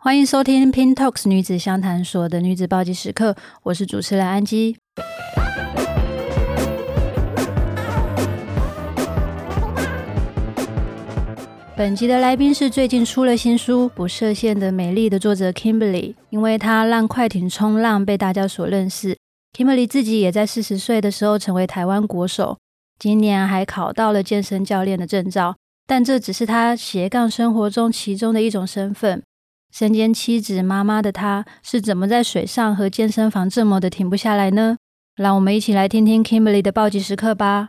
歡迎收聽《Pin Talks 女子相談所》的女子暴擊時刻，我是主持人安姬。本集的來賓是最近出了新書《不設限的美麗的》作者 Kimberly，因為她讓快艇衝浪被大家所認識。Kimberly 自己也在四十歲的時候成為台灣國手，今年還考到了健身教練的證照，但這只是她斜槓生活中其中的一種身份。身兼妻子、媽媽的她，是怎麼在水上和健身房這麼的停不下來呢？讓我們一起來聽聽 Kimberly 的爆擊時刻吧。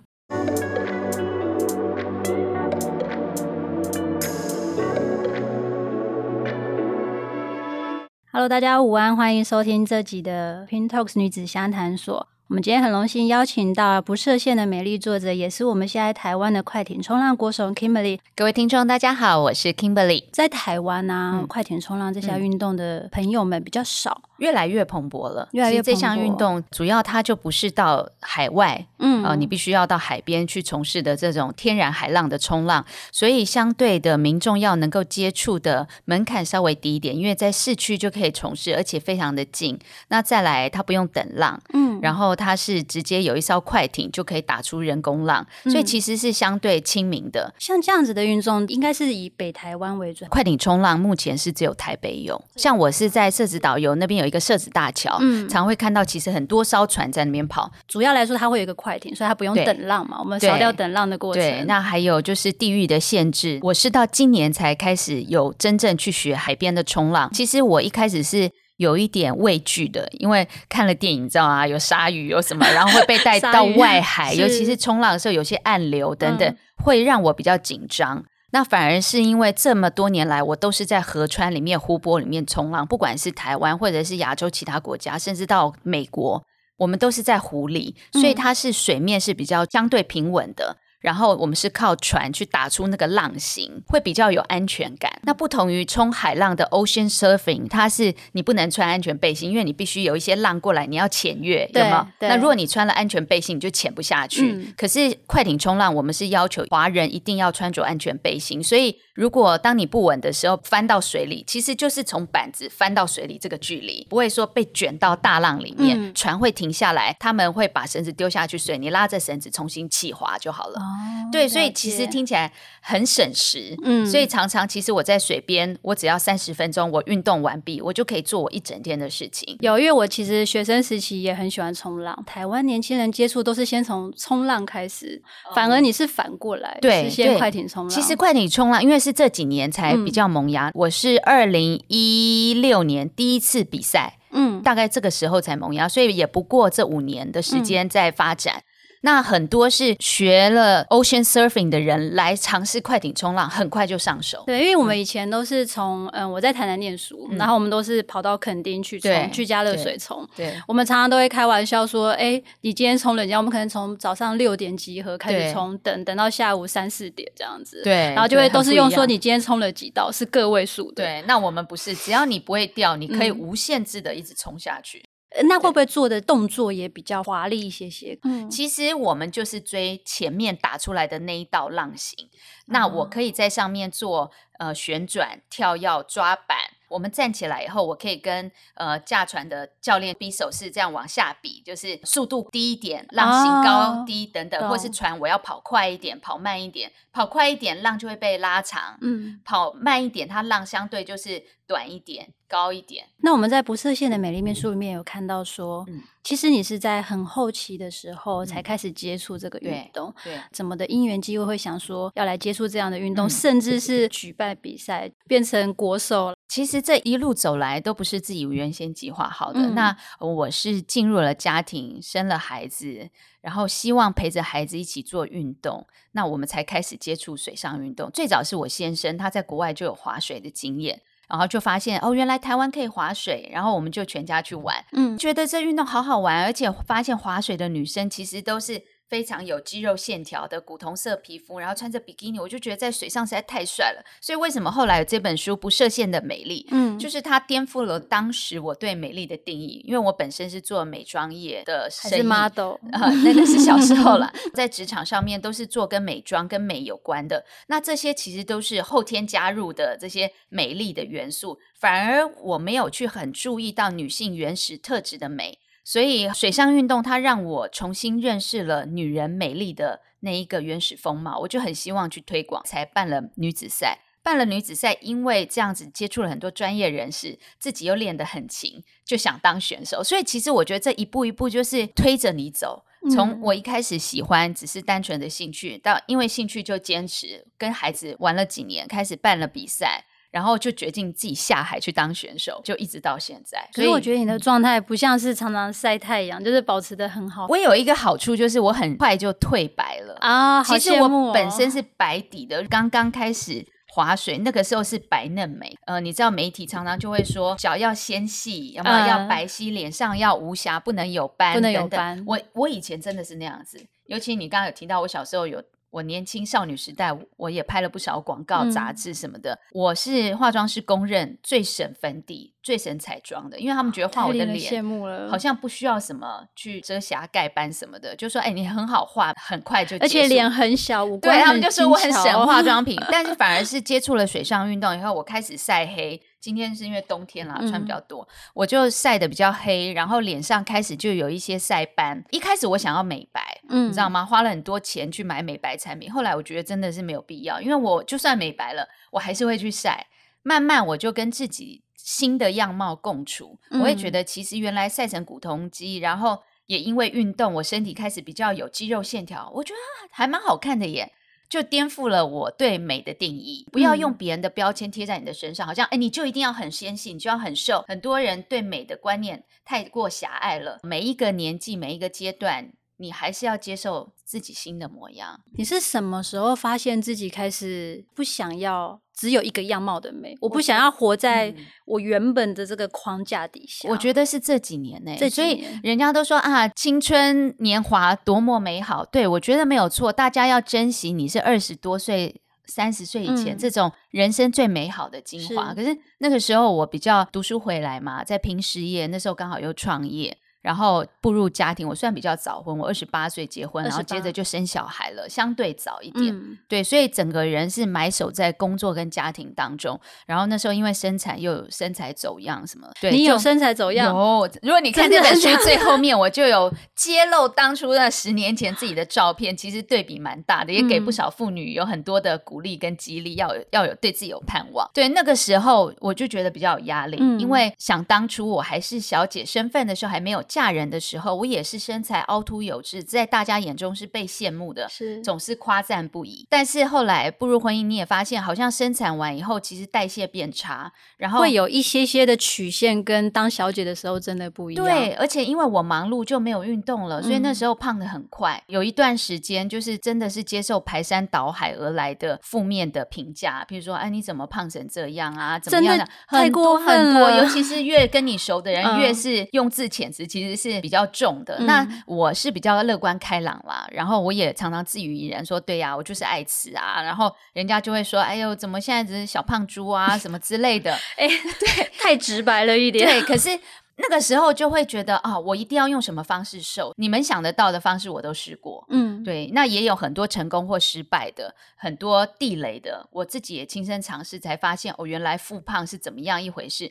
Hello，大家午安，歡迎收聽這集的 Pin Talks 女子相談所。我們今天很榮幸邀請到不設限的美麗作者，也是我們現在台灣的快艇衝浪國手 Kimberly。各位聽眾，大家好，我是 Kimberly。在台灣啊，嗯，快艇衝浪這項運動的朋友們比較少。越來越蓬勃了。越來越。其實這項運動主要它就不是到海外，嗯，啊、呃，你必須要到海邊去從事的這種天然海浪的衝浪，所以相對的民眾要能夠接觸的門檻稍微低一點，因為在市區就可以從事，而且非常的近。那再來，它不用等浪，嗯，然後它是直接有一艘快艇就可以打出人工浪，所以其實是相對親民的。嗯、像這樣子的運動，應該是以北台灣為準。快艇衝浪目前是只有台北有，對像我是在社子島游那邊有。一個社子大橋，嗯、常會看到其實很多艘船在那邊跑。主要來說，它會有一個快艇，所以它不用等浪嘛。對我們少掉等浪的過程。對。對，那還有就是地域的限制。我是到今年才開始有真正去學海邊的衝浪。其實我一開始是有一點畏懼的，因為看了電影，你知道啊，有鯊魚有什麼，然後會被帶到外海。 尤其是衝浪的時候，有些暗流等等，嗯、會讓我比較緊張。那反而是因為這麼多年來，我都是在河川裡面、湖泊裡面衝浪，不管是台灣，或者是亞洲其他國家，甚至到美國，我們都是在湖裡，所以它是水面是比較相對平穩的。嗯然後我們是靠船去打出那個浪型，會比較有安全感。那不同於衝海浪的 ocean surfing，它是你不能穿安全背心，因為你必須有一些浪過來，你要潛越，對嗎？有有，對。那如果你穿了安全背心，你就潛不下去。嗯、可是快艇衝浪，我們是要求華人一定要穿着安全背心。所以如果當你不穩的時候翻到水裡，其實就是從板子翻到水裡這個距離，不會說被捲到大浪裡面。嗯、船會停下來，他們會把繩子丟下去，所以你拉着繩子重新起滑就好了。嗯哦、對，所以其實聽起來很省時。嗯，所以常常其實我在水邊，我只要三十分鐘，我運動完畢，我就可以做我一整天的事情。有，因為我其實學生時期也很喜歡衝浪。台灣年輕人接觸都是先從衝浪開始，哦、反而你是反過來，對，先快艇衝浪。其實快艇衝浪，因為是這幾年才比較萌芽。嗯、我是二零一六年第一次比賽，嗯，大概這個時候才萌芽，所以也不過這五年的時間在發展。嗯那很多是學了 Ocean Surfing 的人來嘗試快艇衝浪，很快就上手。對，因為我們以前都是從，嗯,嗯，我在台南念書，嗯、然後我們都是跑到墾丁去衝，對去加熱水衝。對，我們常常都會開玩笑說，哎、欸，你今天衝了幾道？我們可能從早上六點集合開始衝，對等等到下午三四點這樣子。對，然後就會都是用說你今天衝了幾道，是個位數的。對,對,對，那我們不是，只要你不會掉，你可以無限制的一直衝下去。嗯那會不會做的動作也比較華麗一些些？嗯，嗯，其實我們就是追前面打出來的那一道浪型。嗯、那我可以在上面做呃旋轉、跳躍、抓板。我們站起來以後，我可以跟呃駕船的教練比手勢，這樣往下比，就是速度低一點，浪型高、啊、低等等，啊、或是船我要跑快一點，跑慢一點，跑快一點浪就會被拉長，嗯，跑慢一點，它浪相對就是。短一點，高一點。那我們在《不設限的美麗》面書裡面有看到說，嗯，其實你是在很後期的時候才開始接觸這個運動，對、嗯，怎麼的因緣際會會想說要來接觸這樣的運動，嗯、甚至是舉辦比賽、嗯、變成國手。其實這一路走來都不是自己原先計劃好的。嗯、那我是進入了家庭，生了孩子，然後希望陪着孩子一起做運動，那我們才開始接觸水上運動。最早是我先生他在國外就有滑水的經驗。然後就發現哦，原來台灣可以滑水，然後我們就全家去玩，嗯，覺得這運動好好玩，而且發現滑水的女生其實都是。非常有肌肉線條的古銅色皮膚，然後穿着比基尼，我就覺得在水上實在太帥了。所以為什麼後來有這本書《不設限的美麗》？嗯，就是它顛覆了當時我對美麗的定義。因為我本身是做美妝業的生意，還是 model？呃，那個是小時候了， 在職場上面都是做跟美妝跟美有關的。那這些其實都是後天加入的這些美麗的元素，反而我沒有去很注意到女性原始特質的美。所以水上運動，它讓我重新認識了女人美麗的那一個原始風貌，我就很希望去推廣，才辦了女子賽。辦了女子賽，因為這樣子接觸了很多專業人士，自己又練得很勤，就想當選手。所以其實我覺得這一步一步就是推着你走，從我一開始喜歡只是單純的興趣，到因為興趣就堅持跟孩子玩了幾年，開始辦了比賽。然後就決定自己下海去當選手，就一直到現在。所以我覺得你的狀態不像是常常曬太陽，嗯、就是保持的很好。我有一個好處就是我很快就褪白了啊！哦、其實我本身是白底的，哦、剛剛開始滑水那個時候是白嫩美。呃，你知道媒體常常就會說腳要纖細，然後、嗯、要白皙，臉上要無瑕，不能有斑，不能有斑。等等嗯、我我以前真的是那樣子，尤其你剛剛有提到我小時候有。我年輕少女時代，我也拍了不少廣告、雜誌什麼的。嗯、我是化妝師公認最省粉底。最省彩妝的，因為他們覺得畫我的臉好像不需要什麼去遮瑕、蓋斑什麼的，就說：“哎、欸，你很好畫，很快就。”而且臉很小，五官對，他們就說我很省化妝品， 但是反而是接觸了水上運動以後，我開始曬黑。今天是因為冬天啦，穿比較多，嗯、我就曬得比較黑，然後臉上開始就有一些曬斑。一開始我想要美白，嗯、你知道嗎？花了很多錢去買美白產品，後來我覺得真的是沒有必要，因為我就算美白了，我還是會去曬。慢慢我就跟自己。新的樣貌共處，我也覺得其實原來曬成古銅肌，嗯、然後也因為運動，我身體開始比較有肌肉線條，我覺得還蠻好看的耶，就顛覆了我對美的定義。不要用別人的標籤貼在你的身上，好像、欸、你就一定要很纖細，你就要很瘦。很多人對美的觀念太過狹隘了，每一個年紀，每一個階段。你還是要接受自己新的模樣。你是什麼時候發現自己開始不想要只有一個樣貌的美？我不想要活在我原本的這個框架底下。我覺得是這幾年呢、欸，這幾年，所以人家都說啊，青春年華多麼美好。對，我覺得沒有錯，大家要珍惜。你是二十多歲、三十歲以前、嗯、這種人生最美好的精華。是，可是那個時候我比較讀書回來嘛，在拼事業，那時候剛好又創業。然後步入家庭，我算比較早婚，我二十八歲結婚，然後接着就生小孩了，相對早一點。嗯、對，所以整個人是埋首在工作跟家庭當中。然後那時候因為生產又有身材走樣什麼，對，你有就身材走樣哦，如果你看這本書的最後面，我就有揭露當初那十年前自己的照片， 其實對比蠻大的，也給不少婦女有很多的鼓勵跟激勵，要有要有，對自己有盼望。嗯、對，那個時候我就覺得比較有壓力，嗯、因為想當初我還是小姐身份的時候，還沒有。嫁人的時候，我也是身材凹凸有致，在大家眼中是被羨慕的，是總是誇讚不已。但是後來步入婚姻，你也發現好像生產完以後，其實代謝變差，然後會有一些些的曲線跟當小姐的時候真的不一樣。對，而且因為我忙碌就沒有運動了，所以那時候胖的很快。嗯、有一段時間就是真的是接受排山倒海而來的負面的評價，比如說，哎，你怎麼胖成這樣啊？怎麼樣？啊？真的太過分了，很多很多，尤其是越跟你熟的人，越是用字遣詞。其實是比較重的，那我是比較樂觀開朗啦，嗯、然後我也常常自娛娛人說對呀、啊，我就是愛吃啊，然後人家就會說，哎呦，怎麼現在只是小胖豬啊，什麼之類的，哎、 欸，對， 太直白了一點，對，可是那個時候就會覺得啊、哦，我一定要用什麼方式瘦，你們想得到的方式我都試過，嗯，對，那也有很多成功或失敗的，很多地雷的，我自己也親身嘗試才發現，哦，原來復胖是怎麼樣一回事。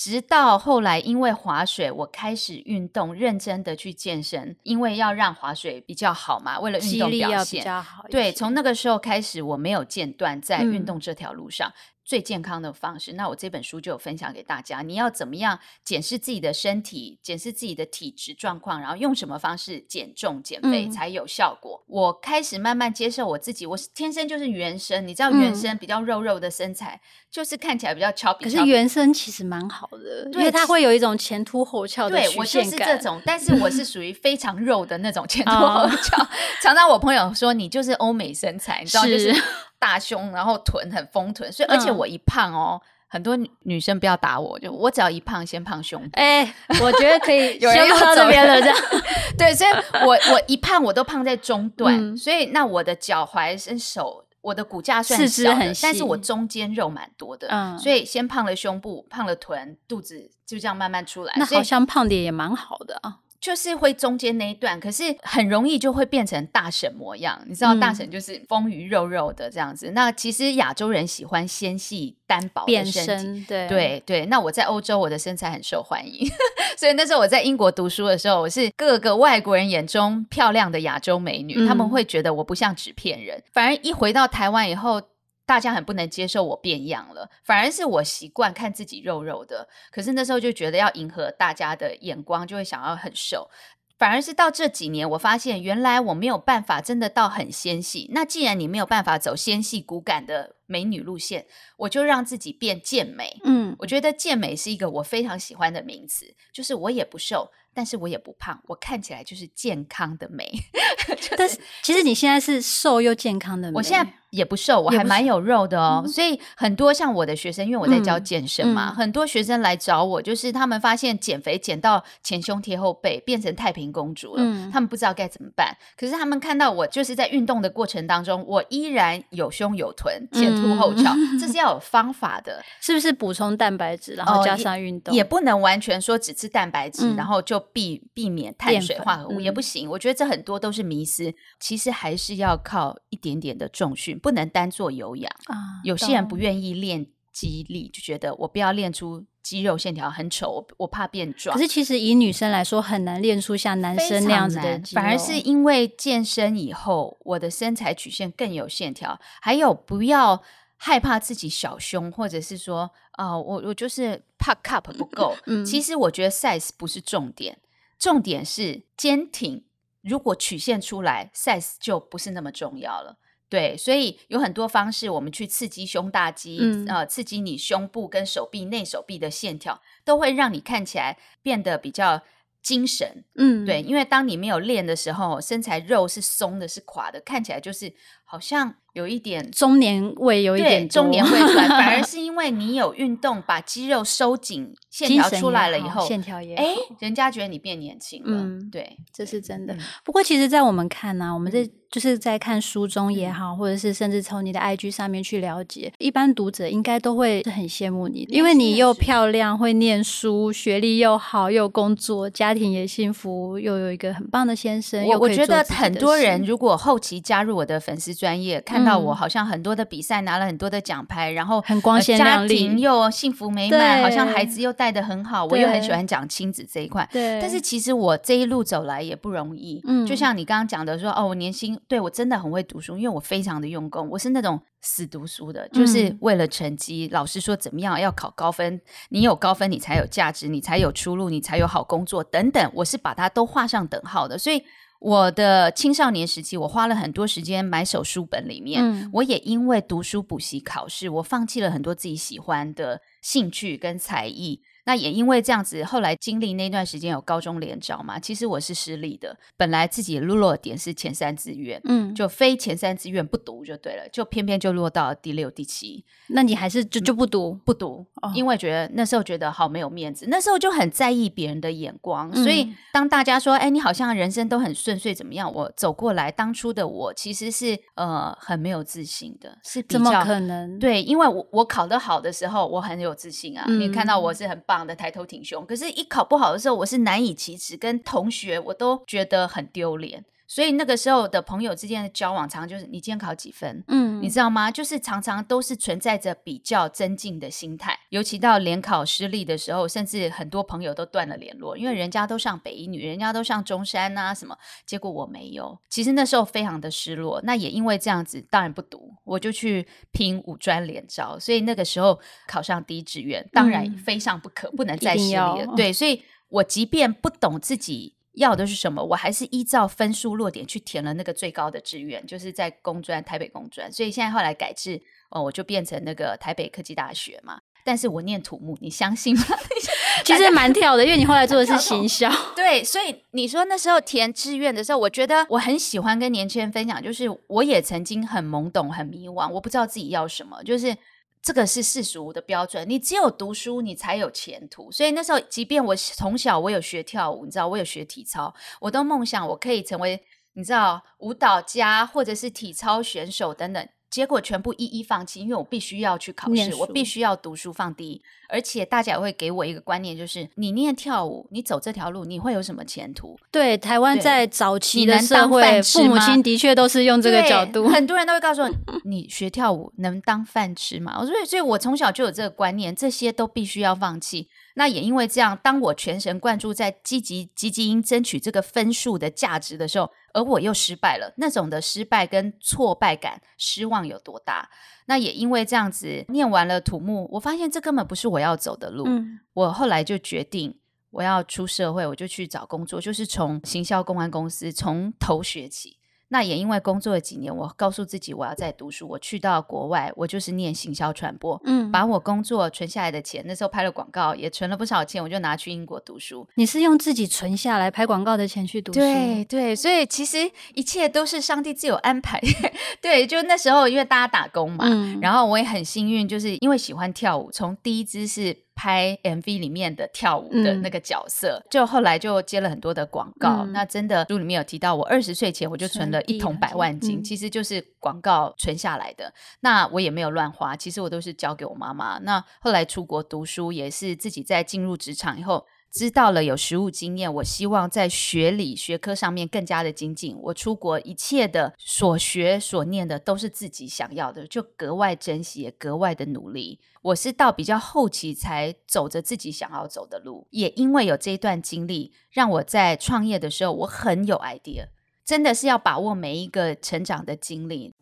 直到後來，因為滑水，我開始運動，認真的去健身，因為要讓滑水比較好嘛。為了運動表現，對，從那個時候開始，我沒有間斷在運動這條路上。嗯最健康的方式，那我這本書就有分享給大家。你要怎麼樣檢視自己的身體，檢視自己的體質狀況，然後用什麼方式減重減肥才有效果？嗯、我開始慢慢接受我自己，我天生就是原生，你知道原生比較肉肉的身材，嗯、就是看起來比較俏皮。可是原生其實蠻好的，對，因為它會有一種前凸後翹的曲線感。對，我就是這種， 但是我是屬於非常肉的那種前凸後翹。Oh. 常常我朋友說，你就是歐美身材，你知道就是，是。.大胸，然後臀很豐臀，所以而且我一胖哦，嗯、很多女，女生不要打我，就我只要一胖，先胖胸部。哎、欸，我覺得可以。有人 到這邊了，這樣 對，所以我我一胖我都胖在中段，嗯、所以那我的腳踝、身手、我的骨架算是很細，很但是我中間肉蠻多的，嗯、所以先胖了胸部，胖了臀，肚子就這樣慢慢出來。那好像胖點也蠻好的啊。就是會中間那一段，可是很容易就會變成大嬸模樣。你知道，嗯、大嬸就是豐腴肉肉的這樣子。那其實亞洲人喜歡纖細單薄的身，變身，對對，對。那我在歐洲，我的身材很受歡迎， 所以那時候我在英國讀書的時候，我是各個外國人眼中漂亮的亞洲美女。嗯、他們會覺得我不像紙片人，反而一回到台灣以後。大家很不能接受我變樣了，反而是我習慣看自己肉肉的。可是那時候就覺得要迎合大家的眼光，就會想要很瘦。反而是到這幾年，我發現原來我沒有辦法真的到很纖細。那既然你沒有辦法走纖細骨感的美女路線，我就讓自己變健美。嗯，我覺得健美是一個我非常喜歡的名詞，就是我也不瘦。但是我也不胖，我看起來就是健康的美。 就是、但是其實你現在是瘦又健康的美。我現在也不瘦，我還蠻有肉的哦、喔。不所以很多像我的學生，因為我在教健身嘛，嗯嗯、很多學生來找我，就是他們發現減肥減到前胸貼後背，變成太平公主了，嗯、他們不知道該怎麼辦。可是他們看到我，就是在運動的過程當中，我依然有胸有臀，前凸後翹，嗯、這是要有方法的，是不是？補充蛋白質，然後加上運動、哦也，也不能完全說只吃蛋白質，嗯、然後就。避避免碳水化合物也不行，嗯、我覺得這很多都是迷思。其實還是要靠一點點的重訓，不能單做有氧。啊，有些人不願意練肌力，就覺得我不要練出肌肉線條，很醜，我怕變壯。可是其實以女生來說，很難練出像男生那樣子的肌肉，反而是因為健身以後，我的身材曲線更有線條。還有不要害怕自己小胸，或者是說。啊，uh, 我我就是怕 cup 不夠。嗯， 其實我覺得 size 不是重點，嗯、重點是堅挺。如果曲線出來，size 就不是那麼重要了。對，所以有很多方式我們去刺激胸大肌，嗯、呃，刺激你胸部跟手臂內手臂的線條，都會讓你看起來變得比較精神。嗯，對，因為當你沒有練的時候，身材肉是鬆的，是垮的，看起來就是。好像有一點中年味，有一點中年味出來，反而是因為你有運動，把肌肉收緊，線條出來了以後，線條也哎，人家覺得你變年輕了，嗯，對，這是真的。不過其實，在我們看呢，我們這就是在看書中也好，或者是甚至從你的 IG 上面去了解，一般讀者應該都會很羨慕你，因為你又漂亮，會唸書，學歷又好，又工作，家庭也幸福，又有一個很棒的先生。我我覺得很多人如果後期加入我的粉絲。專業看到我好像很多的比賽拿了很多的獎牌，嗯、然後很光鮮亮麗，家庭，又幸福美滿，對好像孩子又帶得很好，對我又很喜歡講親子這一塊。對，但是其實我這一路走來也不容易。嗯，就像你剛剛講的說，哦，我年輕，對我真的很會讀書，因為我非常的用功，我是那種死讀書的，就是為了成績。老師說怎麼樣要考高分，你有高分你才有價值，你才有出路，你才有好工作等等，我是把它都畫上等號的，所以。我的青少年時期，我花了很多時間埋首書本，裡面，嗯，我也因為讀書、補習、考試，我放棄了很多自己喜歡的興趣跟才藝。那也因為這樣子，後來經歷那段時間有高中聯招嘛，其實我是失利的。本來自己落點是前三志願，嗯，就非前三志願不讀就對了，就偏偏就落到第六、第七。那你還是就就不讀，嗯、不讀，哦、因為覺得那時候覺得好沒有面子，那時候就很在意別人的眼光。所以當大家說，哎、嗯欸，你好像人生都很順遂，怎麼樣？我走過來，當初的我其實是呃很沒有自信的，是怎麼可能？對，因為我我考得好的時候，我很有自信啊。嗯、你看到我是很棒的得抬頭挺胸，可是，一考不好的時候，我是難以啟齒，跟同學我都覺得很丟臉。所以那個時候的朋友之間的交往，常常就是你今天考幾分，嗯，你知道嗎？就是常常都是存在着比較增進的心態。尤其到聯考失利的時候，甚至很多朋友都斷了聯絡，因為人家都上北一女，人家都上中山啊什麼，結果我沒有。其實那時候非常的失落。那也因為這樣子，當然不讀，我就去拼五專聯招。所以那個時候考上第一志願，當然非上不可，嗯、不能再失利了。對，所以我即便不懂自己，要的是什麼？我還是依照分數落點去填了那個最高的志願，就是在工專台北工專。所以現在後來改制，哦，我就變成那個台北科技大學嘛。但是我念土木，你相信嗎？ 其實蠻跳的， 因為你後來做的是行銷。對，所以你說那時候填志願的時候，我覺得我很喜歡跟年輕人分享，就是我也曾經很懵懂、很迷惘，我不知道自己要什麼，就是。這個是世俗的標準，你只有讀書，你才有前途。所以那時候，即便我從小我有學跳舞，你知道，我有學體操，我都夢想我可以成為，你知道，舞蹈家或者是體操選手等等。結果全部一一放棄，因為我必須要去考試，書我必須要讀書放低，而且大家也會給我一個觀念，就是你念跳舞，你走這條路，你會有什麼前途？對，台灣在早期的社會，父母親的確都是用這個角度，很多人都會告訴我， 你學跳舞能當飯吃嗎？所以，所以我從小就有這個觀念，這些都必須要放棄。那也因為這樣，當我全神貫注在積極、積極爭取這個分數的價值的時候，而我又失敗了，那種的失敗跟挫敗感、失望有多大？那也因為這樣子，念完了土木，我發現這根本不是我要走的路。嗯、我後來就決定，我要出社會，我就去找工作，就是從行銷公關公司從頭學起。那也因為工作了幾年，我告訴自己我要再讀書。我去到國外，我就是念行銷傳播，嗯，把我工作存下來的錢，那時候拍了廣告也存了不少錢，我就拿去英國讀書。你是用自己存下來拍廣告的錢去讀書？對對，所以其實一切都是上帝自有安排。 對，就那時候因為大家打工嘛，嗯，然後我也很幸運，就是因為喜歡跳舞，從第一支是。拍 MV 裡面的跳舞的那個角色，嗯、就後來就接了很多的廣告。嗯、那真的書裡面有提到我，我二十歲前我就存了一桶百萬金，嗯、其實就是廣告存下來的。那我也沒有亂花，其實我都是交給我媽媽。那後來出國讀書，也是自己在進入職場以後知道了有實務經驗，我希望在學理學科上面更加的精進。我出國一切的所學所念的都是自己想要的，就格外珍惜，也格外的努力。我是到比較後期才走着自己想要走的路，也因為有這一段經歷，讓我在創業的時候我很有 idea。真的是要把握每一個成長的經歷。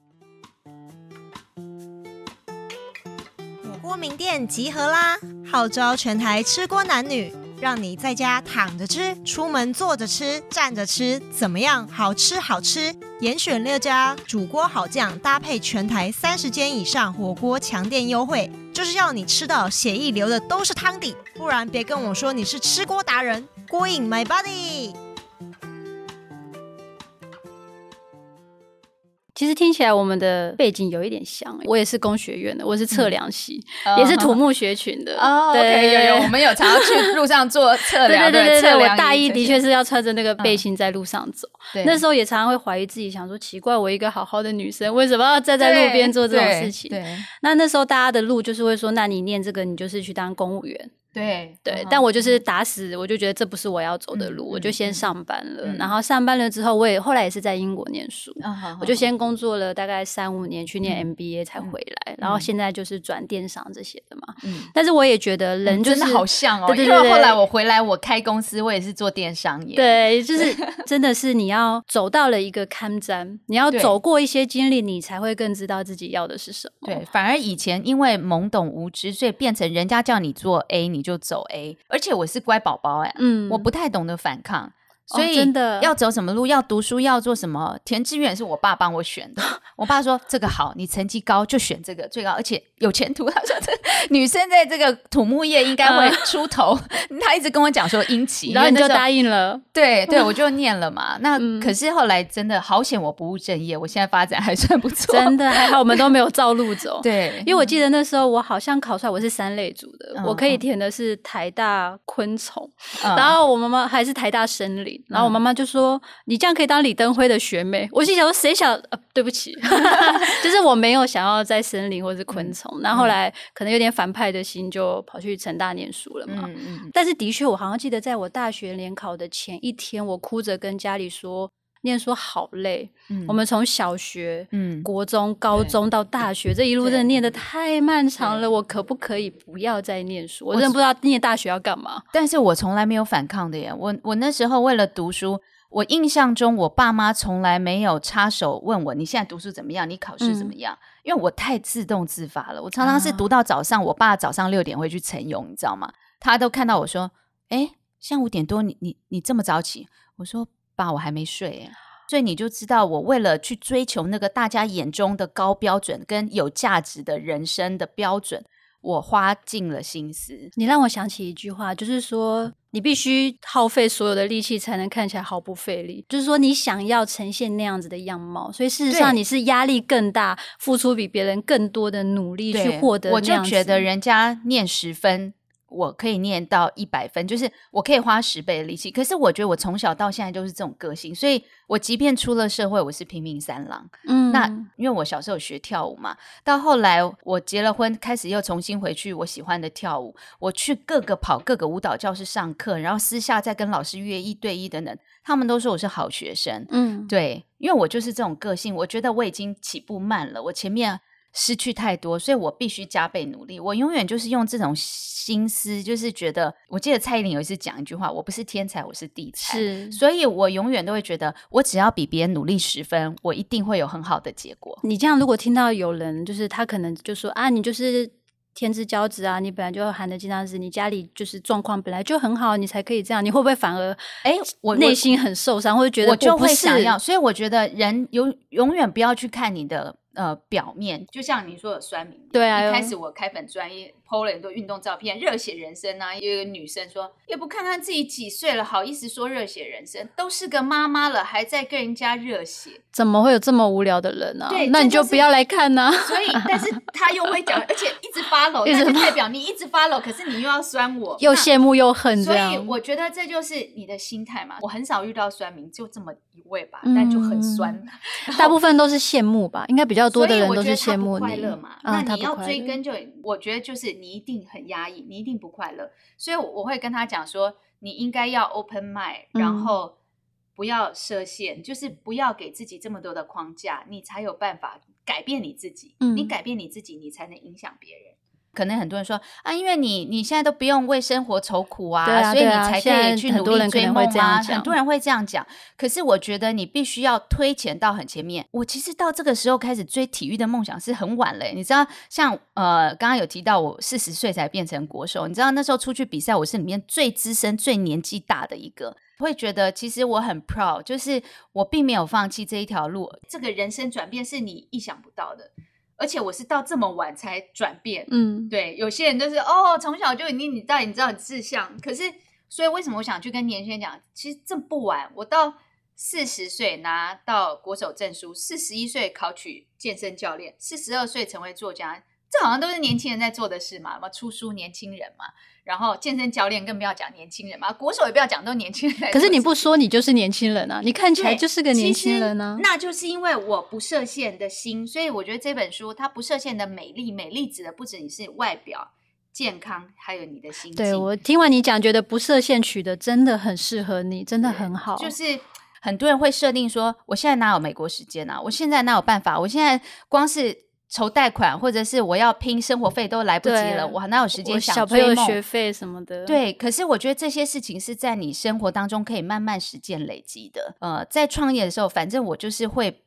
火鍋名店集合啦，號召全台吃鍋男女。讓你在家躺着吃，出門坐着吃，站着吃，怎麼樣？好吃好吃！嚴選六家，煮鍋好醬，搭配全台三十間以上火鍋強店優惠，就是要你吃到血液流的都是湯底，不然別跟我說你是吃鍋達人。Going my buddy！其實聽起來我們的背景有一點像，我也是工學院的，我是測量系，嗯、也是土木學群的。啊、嗯，對，oh, okay, 有有， 我們有常常去路上做測量，對對對對。我大一的確是要穿着那個背心在路上走，對、嗯，那時候也常常會懷疑自己，想說奇怪，我一個好好的女生，為什麼要站在路邊做這種事情？對，對，那那時候大家的路就是會說，那你念這個，你就是去當公務員。對對，但我就是打死我就覺得這不是我要走的路，我就先上班了。然後上班了之後，我也後來也是在英國念書，我就先工作了大概三五年去念 MBA 才回來。然後現在就是轉電商這些的嘛。嗯，但是我也覺得人就是，真的好像哦，對，因為後來我回來我開公司，我也是做電商也對，就是真的是你要走到了一個坎站，你要走過一些經歷，你才會更知道自己要的是什麼。對，反而以前因為懵懂無知，所以變成人家叫你做 A 你。就走啊,而且我是乖寶寶欸，嗯，我不太懂得反抗。所以要走、哦、真的要走什麼路，要讀書，要做什麼？填志願是我爸幫我選的。我爸說這個好，你成績高就選這個，最高，而且有前途。他說這，女生在這個土木業應該會出頭。嗯、他一直跟我講說英勤，然後你就答應了。對對，對嗯、我就念了嘛。那可是後來真的好險，我不務正業，我現在發展還算不錯。真的還好，我們都沒有照路走。 對，嗯、因為我記得那時候我好像考出來我是三類組的，嗯、我可以填的是台大昆蟲，嗯、然後我媽媽還是台大森林。然後我媽媽就說：“你這樣可以當李登輝的學妹。”我心想說誰：“誰、呃、想？對不起， 就是我沒有想要在森林或是昆蟲。嗯”然後來、嗯、可能有點反派的心，就跑去成大念書了嘛。嗯嗯、但是的確，我好像記得在我大學聯考的前一天，我哭着跟家裡說。念書好累，嗯、我們從小學、嗯，國中、高中對到大學，這一路真的念得太漫長了。我可不可以不要再念書？對我真的不知道念大學要幹嘛。但是我從來沒有反抗的耶。我我那時候為了讀書，我印象中我爸媽從來沒有插手問我你現在讀書怎麼樣，你考試怎麼樣，嗯、因為我太自動自發了。我常常是讀到早上，啊、我爸早上六點會去晨泳，你知道嗎？他都看到我說：“哎、欸，像五點多，你你你這麼早起？”我說。爸，我還沒睡，所以你就知道我為了去追求那個大家眼中的高標準跟有價值的人生的標準，我花盡了心思。你讓我想起一句話，就是說你必須耗費所有的力氣才能看起來毫不費力，就是說你想要呈現那樣子的樣貌，所以事實上你是壓力更大，付出比別人更多的努力去獲得那樣。我就覺得人家念十分。我可以念到一百分，就是我可以花十倍的力氣。可是我覺得我從小到現在就是這種個性，所以我即便出了社會，我是拼命三郎。嗯，那因為我小時候學跳舞嘛，到後來我結了婚，開始又重新回去我喜歡的跳舞，我去各個跑各個舞蹈教室上課，然後私下再跟老師約一對一等等，他們都說我是好學生。嗯，對，因為我就是這種個性，我覺得我已經起步慢了，我前面。失去太多，所以我必須加倍努力。我永遠就是用這種心思，就是覺得，我記得蔡依林有一次講一句話：“我不是天才，我是地才。是”所以我永遠都會覺得，我只要比別人努力十分，我一定會有很好的結果。你這樣如果聽到有人就是他可能就說啊，你就是天之驕子啊，你本來就含着金湯匙，你家裡就是狀況本來就很好，你才可以這樣，你會不會反而哎，我內心很受傷，欸、或者覺得我就,我,我,我就會想要？所以我覺得人永永遠不要去看你的。呃，表面就像你說的酸民，對啊，一開始我開粉專業，po 了很多運動照片，熱血人生啊！有一個女生說：“也不看看自己幾歲了，好意思說熱血人生，都是個媽媽了，還在跟人家熱血。”怎麼會有這麼無聊的人呢、啊？對，那你就不要來看呢、啊就是。所以，但是他又會講，而且一直 follow，那就代表你一直 follow，可是你又要酸我，又羨慕又恨這樣。所以，我覺得這就是你的心態嘛。我很少遇到酸民，就這麼一位吧，但就很酸。嗯、 後大部分都是羨慕吧，應該比較多的人都是羨慕你。快樂嘛，那你要追根就，就、啊、我覺得就是。你一定很壓抑，你一定不快樂，所以我，我會跟他講說，你應該要 open mind，然後不要設限，嗯、就是不要給自己這麼多的框架，你才有辦法改變你自己。嗯、你改變你自己，你才能影響別人。可能很多人說啊，因為你你現在都不用為生活愁苦啊，對啊，對啊，所以你才可以去努力追夢啊。很多，很多人會這樣講，可是我覺得你必須要推前到很前面。我其實到這個時候開始追體育的夢想是很晚了，欸，你知道像，像呃，剛剛有提到我四十歲才變成國手，你知道那時候出去比賽，我是裡面最資深、最年紀大的一個，會覺得其實我很 proud，就是我並沒有放棄這一條路。這個人生轉變是你意想不到的。而且我是到這麼晚才轉變，嗯，對，有些人都、就是哦，從小就已經你到底你知道你志向，可是所以為什麼我想去跟年輕人講，其實這不晚，我到四十歲拿到國手證書，四十一歲考取健身教練，四十二歲成為作家。好像都是年輕人在做的事嘛？什麼出書，年輕人嘛。然後健身教練更不要講，年輕人嘛。國手也不要講，都年輕人。可是你不說，你就是年輕人啊！你看起來就是個年輕人啊。那就是因為我不設限的心，所以我覺得這本書它不設限的美麗。美麗指的不止你是外表健康，還有你的心。對我聽完你講，覺得不設限取得真的很適合你，真的很好。就是很多人會設定說，我現在哪有美國時間啊？我現在哪有辦法？我現在光是。籌貸款，或者是我要拼生活費都來不及了，我還對哪有時間想小朋友學費什麼的，對。可是我覺得這些事情是在你生活當中可以慢慢實踐累積的。呃、嗯，在創業的時候，反正我就是會。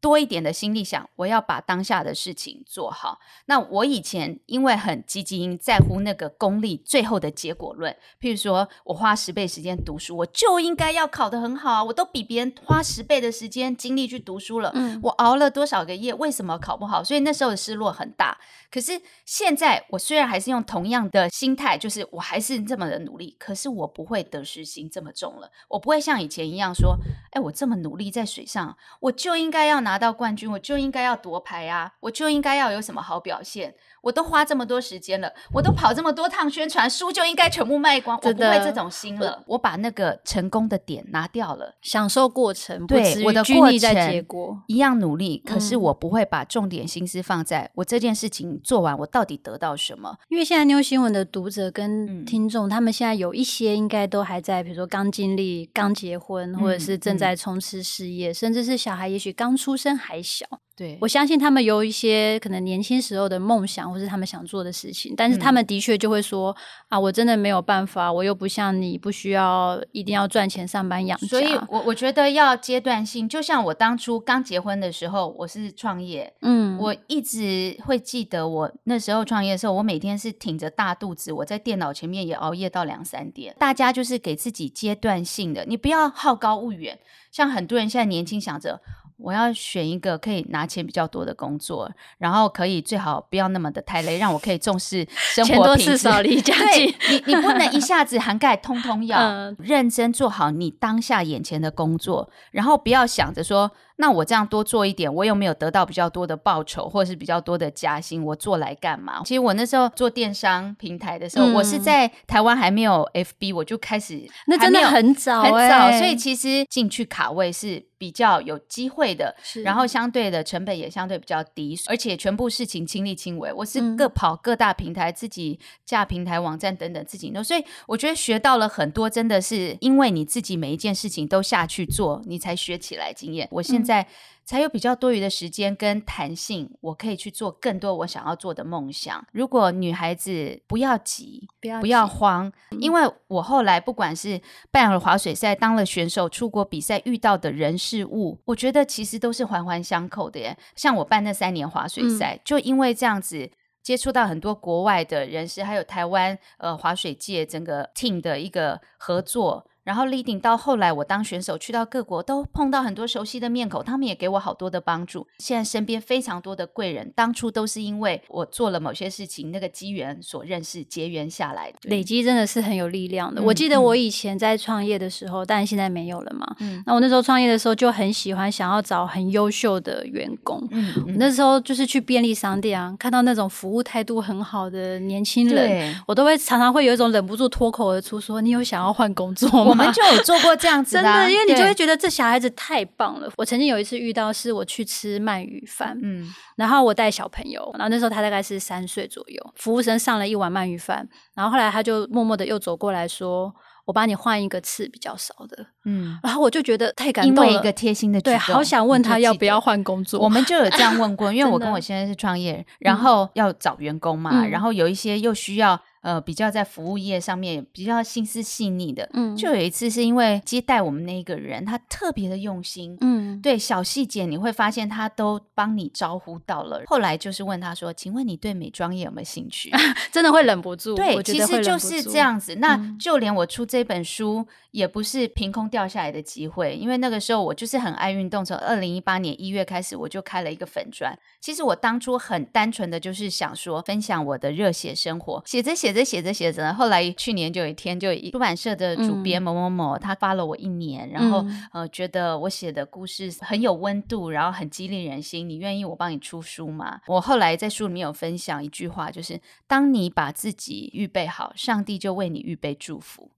多一點的心力想，想我要把當下的事情做好。那我以前因為很積極，在乎那個功利，最後的結果論。譬如說我花十倍時間讀書，我就應該要考得很好啊！我都比別人花十倍的時間精力去讀書了，嗯，我熬了多少個夜？為什麼考不好？所以那時候的失落很大。可是現在，我雖然還是用同樣的心態，就是我還是這麼的努力，可是我不會得失心這麼重了。我不會像以前一樣說，哎、欸，我這麼努力在水上，我就應該要拿。拿到冠軍，我就應該要奪牌呀、啊！我就應該要有什麼好表現？我都花這麼多時間了，我都跑這麼多趟宣傳，書就應該全部賣光。真的，我不會這種心了我。我把那個成功的點拿掉了，享受過程，不只拘泥在結果。一樣努力，可是我不會把重點心思放在我這件事情做完，我到底得到什麼？因為現在妞新聞的讀者跟聽眾，嗯、他們現在有一些應該都還在，比如說剛經歷、剛結婚，嗯、或者是正在衝刺事業，嗯、甚至是小孩，也許剛出。生還小。對，我相信他們有一些可能年輕時候的夢想，或是他們想做的事情，但是他們的確就會說、嗯、啊，我真的沒有辦法，我又不像你，不需要一定要賺錢上班養家。所以我我覺得要階段性，就像我當初剛結婚的時候，我是創業，嗯，我一直會記得我那時候創業的時候，我每天是挺着大肚子，我在電腦前面也熬夜到兩三點，大家就是給自己階段性的，你不要好高騖遠，像很多人現在年輕想着。我要選一個可以拿錢比較多的工作，然後可以最好不要那麼的太累，讓我可以重視生活品質，錢 多事少離家近， 對，你你不能一下子涵蓋通通要、嗯、認真做好你當下眼前的工作，然後不要想着說，那我這樣多做一點，我有沒有得到比較多的報酬或是比較多的加薪？我做來幹嘛？其實我那時候做電商平台的時候，嗯、我是在台灣還沒有 FB，我就開始那真的很早、欸、很早，所以其實進去卡位是。比較有機會的，是然後相對的成本也相對比較低，而且全部事情親力親為，我是各跑各大平台，嗯、自己架平台網站等等，自己弄，所以我覺得學到了很多，真的是因為你自己每一件事情都下去做，你才學起來經驗。我現在、嗯。才有比較多餘的時間跟彈性，我可以去做更多我想要做的夢想。如果女孩子不要急，不要急，不要慌，嗯、因為我後來不管是辦了滑水賽，當了選手，出國比賽遇到的人事物，我覺得其實都是環環相扣的耶。像我辦那三年滑水賽，嗯、就因為這樣子接觸到很多國外的人士，還有台灣呃滑水界整個 team 的一個合作。然後 leading 到後來，我當選手去到各國，都碰到很多熟悉的面孔，他們也給我好多的幫助。現在身邊非常多的貴人，當初都是因為我做了某些事情，那個機緣所認識結緣下來的，累積真的是很有力量的。嗯、我記得我以前在創業的時候，嗯、但現在沒有了嘛。嗯。那我那時候創業的時候就很喜歡想要找很優秀的員工。嗯。我那時候就是去便利商店啊，看到那種服務態度很好的年輕人，對我都會常常會有一種忍不住脫口而出說：“你有想要換工作嗎？”嗯 我們就有做過這樣子，啊， 真的，因為你就會覺得這小孩子太棒了。對我曾經有一次遇到，是我去吃鰻魚飯，嗯，然後我帶小朋友，然後那時候他大概是三歲左右，服務生上了一碗鰻魚飯，然後後來他就默默的又走過來說：“我幫你換一個刺比較少的。”嗯，然後我就覺得太感動了，一個貼心的，對，好想問他要不要換工作。我們就有這樣問過， 的因為我跟我先生是創業，然後要找員工嘛，嗯嗯，然後有一些又需要。呃，比較在服務業上面比較心思細膩的，嗯，就有一次是因為接待我們那一個人，他特別的用心，嗯，對小細節你會發現他都幫你招呼到了。後來就是問他說：“請問你對美妝業有沒有興趣？” 真的會忍不住，對，其實就是這樣子。那就連我出這本書也不是憑空掉下來的機會，嗯、因為那個時候我就是很愛運動，從二零一八年一月開始我就開了一個粉專。其實我當初很單純的就是想說分享我的熱血生活，寫着寫。寫着寫着寫着，後來去年就有一天，就一出版社的主編某某某，嗯、他 follow 我一年，然後、嗯、呃，覺得我寫的故事很有溫度，然後很激勵人心，你願意我幫你出書嗎？我後來在書裡面有分享一句話，就是當你把自己預備好，上帝就為你預備祝福。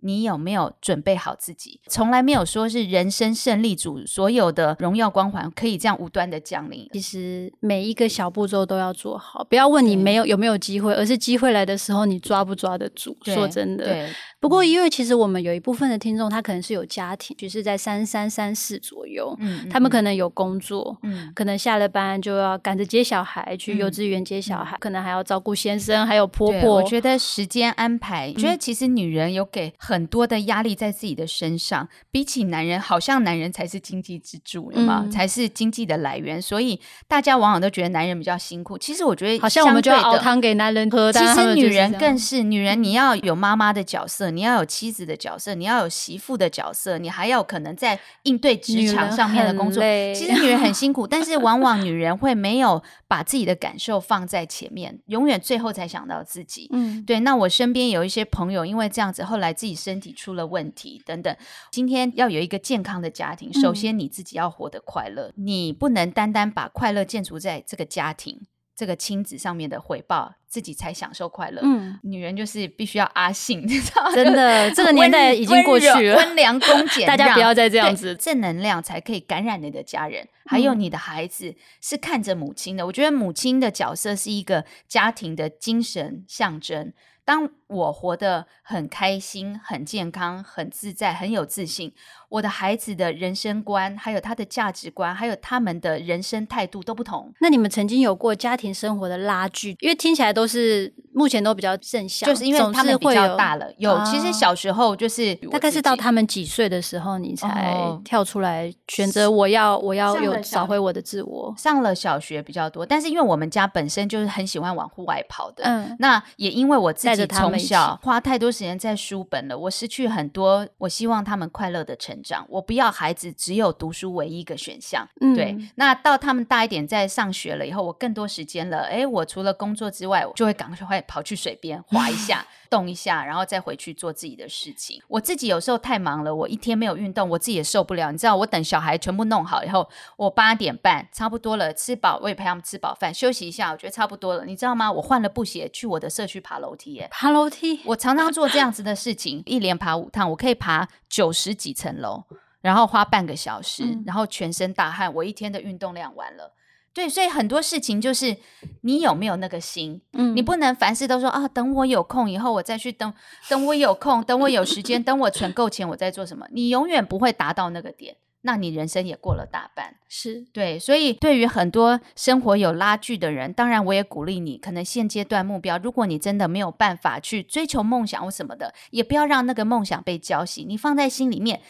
你有沒有準備好自己？從來沒有說是人生勝利組，所有的榮耀光環可以這樣無端的降臨。其實每一個小步驟都要做好，不要問你沒有有沒有機會，對而是機會來的時候你抓不抓得住。對說真的。不過，因為其實我們有一部分的聽眾，他可能是有家庭，只是在三三三四左右，嗯，他們可能有工作，嗯，可能下了班就要趕着接小孩去幼稚園接小孩，可能還要照顧先生，還有婆婆。我覺得時間安排，覺得其實女人有給很多的壓力在自己的身上，比起男人，好像男人才是經濟支柱嘛，才是經濟的來源，所以大家往往都覺得男人比較辛苦。其實我覺得，好像我們就熬湯給男人喝，其實女人更是，女人你要有媽媽的角色。你要有妻子的角色，你要有媳婦的角色，你還要有可能在應對職場上面的工作。其實女人很辛苦， 但是往往女人會沒有把自己的感受放在前面，永遠最後才想到自己。嗯，對。那我身邊有一些朋友，因為這樣子，後來自己身體出了問題等等。今天要有一個健康的家庭，首先你自己要活得快樂，嗯、你不能單單把快樂建築在這個家庭。這個親子上面的回報，自己才享受快樂。嗯、女人就是必須要阿信，真的， 這個年代已經過去了，溫柔良恭儉讓，大家不要再這樣子，正能量才可以感染你的家人，還有你的孩子，是看着母親的，嗯、我覺得母親的角色是一個家庭的精神象徵。當我活得很開心、很健康、很自在、很有自信。我的孩子的人生觀、還有他的價值觀、還有他們的人生態度都不同。那你們曾經有過家庭生活的拉鋸？因為聽起來都是目前都比較正向，就是因為他們比較大了。有，有啊，其實小時候就是大概是到他們幾歲的時候，你才跳出來選擇我要，哦，我要有了了找回我的自我。上了小學比較多，但是因為我們家本身就是很喜歡往戶外跑的，嗯，那也因為我自己從。花太多時間在書本了，我失去很多。我希望他們快樂的成長，我不要孩子只有讀書唯一一個選項。嗯、對，那到他們大一點再上學了以後，我更多時間了。哎、欸，我除了工作之外，我就會趕快快跑去水邊滑一下、動一下，然後再回去做自己的事情。 我自己有時候太忙了，我一天沒有運動，我自己也受不了。你知道，我等小孩全部弄好以後，我八點半差不多了，吃飽我也陪他們吃飽飯，休息一下，我覺得差不多了。你知道嗎？我換了布鞋去我的社區爬樓梯耶。爬樓。我常常做這樣子的事情， 一連爬五趟，我可以爬九十幾層樓，然後花半個小時，嗯、然後全身大汗，我一天的運動量完了。對，所以很多事情就是你有沒有那個心，嗯、你不能凡事都說啊，等我有空以後我再去等，等我有空，等我有時間，等我存夠錢，我再做什麼？你永遠不會達到那個點。那你人生也過了大半，是對，所以對於很多生活有拉鋸的人，當然我也鼓勵你，可能現階段目標，如果你真的沒有辦法去追求夢想或什麼的，也不要讓那個夢想被澆熄，你放在心裡面。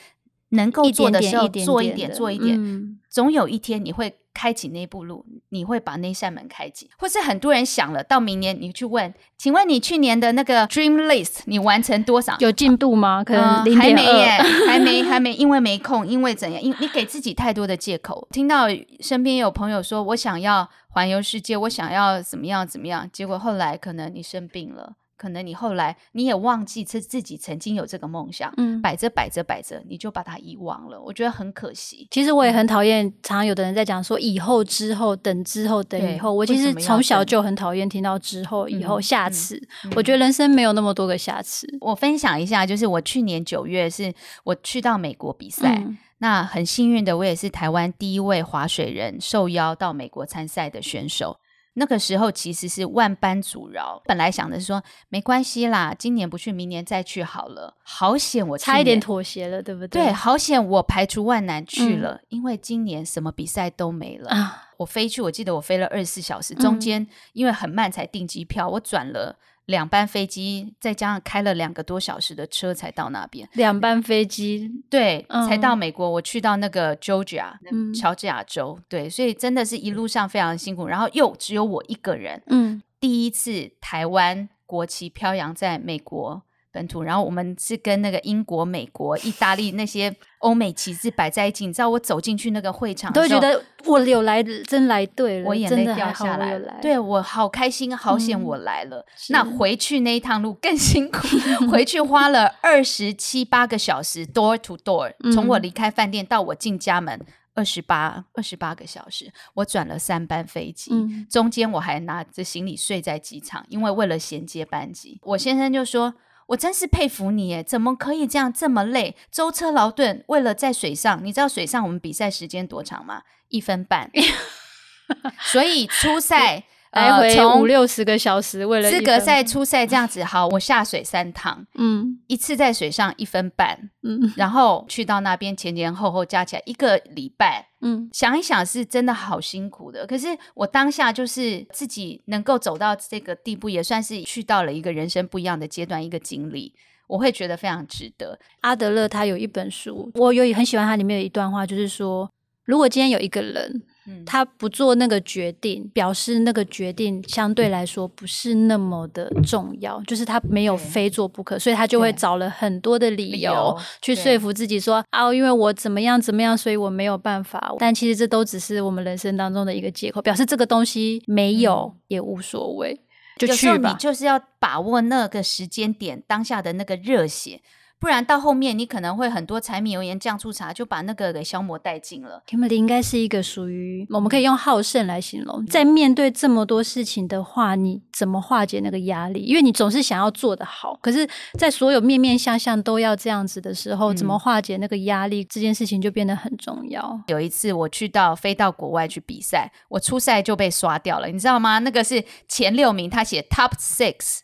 能夠做的時候做一點，做一點，總有一天你會開啟那一步路，你會把那扇門開啟。或是很多人想了，到明年你去問，請問你去年的那個 dream list 你完成多少？有進度嗎？啊、可能還沒耶， 還沒，還沒，因為沒空，因為怎樣？因你給自己太多的借口。聽到身邊有朋友說我想要環遊世界，我想要怎麼樣怎麼樣，結果後來可能你生病了。可能你後來你也忘記是自己曾經有這個夢想，嗯，擺着擺着擺着，你就把它遺忘了。我覺得很可惜。其實我也很討厭，嗯、常有的人在講說以後、之後、等之後、對等以後。我其實從小就很討厭聽到之後、對以後、下次。嗯、我覺得人生沒有那麼多個下次。嗯、我分享一下，就是我去年九月是我去到美國比賽，嗯、那很幸運的，我也是台灣第一位滑水人受邀到美國參賽的選手。嗯那個時候其實是萬般阻撓，本來想的是說沒關係啦，今年不去，明年再去好了。好險我差一點妥協了，對不對？對，好險我排除萬難去了，嗯、因為今年什麼比賽都沒了。啊、我飛去，我記得我飛了二十四小時，中間因為很慢才訂機票，嗯、我轉了。兩班飛機，再加上開了兩個多小時的車才到那邊。兩班飛機，對，嗯、才到美國。我去到那個 Georgia、嗯、喬治亞州，對，所以真的是一路上非常辛苦，然後又只有我一個人。嗯，第一次台灣國旗飄揚在美國。本土，然後我們是跟那個英國、美國、意大利那些歐美旗幟擺在一起。 你知道，我走進去那個會場，都覺得我有來，真來對了，我眼淚掉下來，來，對，我好開心，好險我來了。嗯、那回去那一趟路更辛苦， 回去花了二十七八個小時，door to door，、嗯、從我離開飯店到我進家門，二十八二十八個小時，我轉了三班飛機，嗯、中間我還拿着行李睡在機場，因為為了銜接班機，我先生就說。我真是佩服你耶，怎麼可以這樣這麼累，舟車勞頓，為了在水上？你知道水上我們比賽時間多長嗎？一分半， 所以初賽。 來回五六十個小時，為了資格賽、賽初賽這樣子。好，我下水三趟，嗯，一次在水上一分半，嗯，然後去到那邊前前後後加起來一個禮拜，嗯，想一想是真的好辛苦的。可是我當下就是自己能夠走到這個地步，也算是去到了一個人生不一樣的階段，一個經歷，我會覺得非常值得。阿德勒他有一本書，我有很喜歡他裡面有一段話，就是說，如果今天有一個人。他不做那個決定，表示那個決定相對來說不是那麼的重要，就是他沒有非做不可，對所以他就會找了很多的理由去說服自己說哦對、啊，因為我怎麼樣怎麼樣，所以我沒有辦法。對但其實這都只是我們人生當中的一個借口，表示這個東西沒有、嗯、也無所謂，就去吧。有時候你就是要把握那個時間點，當下的那個熱血。不然到後面你可能會很多柴米油鹽醬醋茶就把那個給消磨殆盡了。Kimberly 應該是一個屬於我們可以用好勝來形容，在面對這麼多事情的話，你怎麼化解那個壓力？因為你總是想要做得好，可是，在所有面面相向，都要這樣子的時候，嗯、怎麼化解那個壓力？這件事情就變得很重要。有一次我去到飛到國外去比賽，我初賽就被刷掉了，你知道嗎？那個是前六名，他寫 Top Six。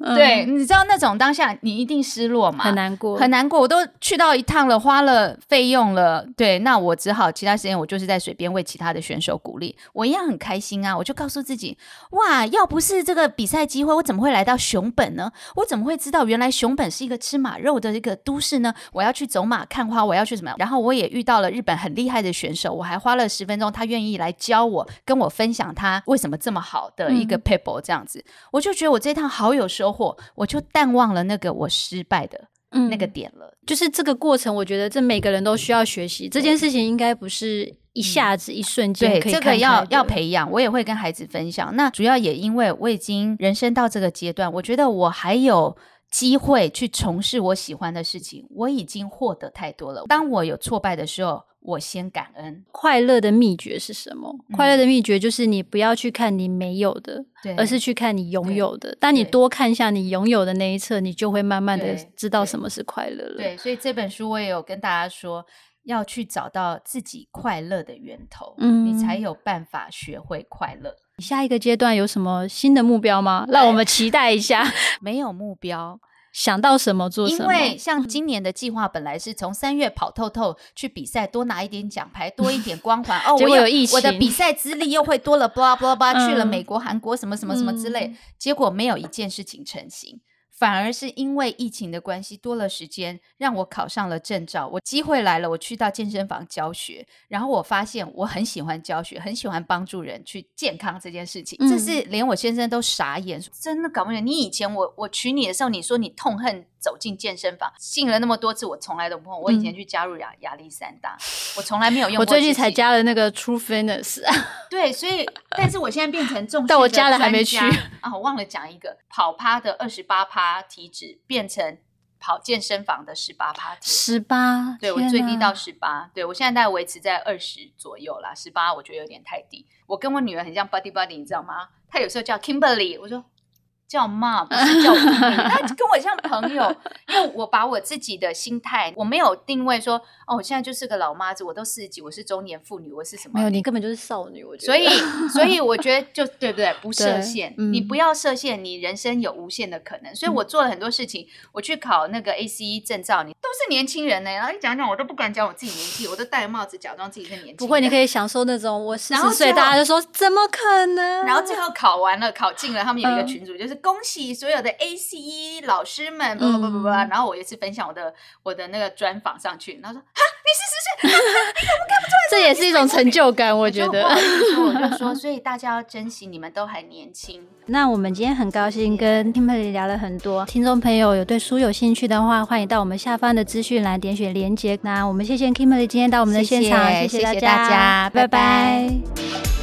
嗯、對，你知道那種當下，你一定失落嘛？很難過，很難過。我都去到一趟了，花了費用了。對，那我只好其他時間我就是在水邊為其他的選手鼓勵。我一樣很開心啊！我就告訴自己，哇，要不是這個比賽機會，我怎麼會來到熊本呢？我怎麼會知道原來熊本是一個吃馬肉的一個都市呢？我要去走馬看花，我要去什麼？然後我也遇到了日本很厲害的選手，我還花了十分鐘，他願意來教我，跟我分享他為什麼這麼好的一個 people，、嗯、這樣子，我就覺得我這一趟好有收穫。收穫，我就淡忘了那個我失敗的那個點了。嗯、就是這個過程，我覺得這每個人都需要學習。這件事情應該不是一下子、一瞬間、嗯，可以這個要對了，要培養。我也會跟孩子分享。那主要也因為我已經人生到這個階段，我覺得我還有。機會去從事我喜歡的事情，我已經獲得太多了。當我有挫敗的時候，我先感恩。快樂的秘訣是什麼？嗯、快樂的秘訣就是你不要去看你沒有的，對而是去看你擁有的。對當你多看一下你擁有的那一側，你就會慢慢的知道什麼是快樂了。對對對。對，所以這本書我也有跟大家說，要去找到自己快樂的源頭，嗯、你才有辦法學會快樂。你下一個階段有什麼新的目標嗎？對讓我們期待一下。 沒有目標，想到什麼做什麼。因為像今年的計劃本來是從三月跑透透去比賽，多拿一點獎牌， 多一點光環。 哦，我有我，有我的比賽資歷又會多了，blah blah blah， 去了美國、韓 國什麼什麼什麼之類，嗯、結果沒有一件事情成型。反而是因為疫情的關係，多了時間讓我考上了證照。我機會來了，我去到健身房教學，然後我發現我很喜歡教學，很喜歡幫助人去健康這件事情。嗯、這是連我先生都傻眼，說嗯、真的搞不懂。你以前我我娶你的時候，你說你痛恨。走進健身房，進了那麼多次，我從來都不碰。嗯、我以前去加入亞亞歷山大，我從來沒有用過。過。我最近才加了那個 True Fitness， 對，所以但是我現在變成重但我加了還沒去啊，我忘了講一個，跑趴的二十八趴體脂變成跑健身房的十八趴體脂，十八。18? 對，我最低到十八，啊。對我現在大概維持在二十左右啦，十八我覺得有點太低。我跟我女兒很像，Buddy Buddy，你知道嗎？她有時候叫 Kimberly，我說。叫媽不是叫弟弟，他 跟我像朋友，因為我把我自己的心態，我沒有定位說，哦，我現在就是個老媽子，我都四十幾，我是中年婦女，我是什麼？沒有、哎呦，你根本就是少女，我覺得。所以，所以我覺得就 對不對？不設限，嗯、你不要設限，你人生有無限的可能。所以我做了很多事情，我去考那個 A C E 證照，你都是年輕人呢、欸。然後一講講，我都不敢講我自己年紀，我都戴帽子假裝自己是年輕不會，你可以享受那種我四十歲，大家就說怎麼可能？然後最後考完了，考進了，他們有一個群組、嗯、就是。恭喜所有的 ACE 老師們，不不不不，然後我也是分享我的我的那個專訪上去，然後說哈，你是是是， 我看不出來，這也是一種成就感， 我覺得。我就說，我就說， 所以大家要珍惜，你們都還年輕。那我們今天很高興跟 Kimberly 聊了很多，聽眾朋友有對書有興趣的話，歡迎到我們下方的資訊欄點選連結。那我們謝謝 Kimberly 今天到我們的現場，謝謝，謝謝大家，謝謝大家拜拜。拜拜。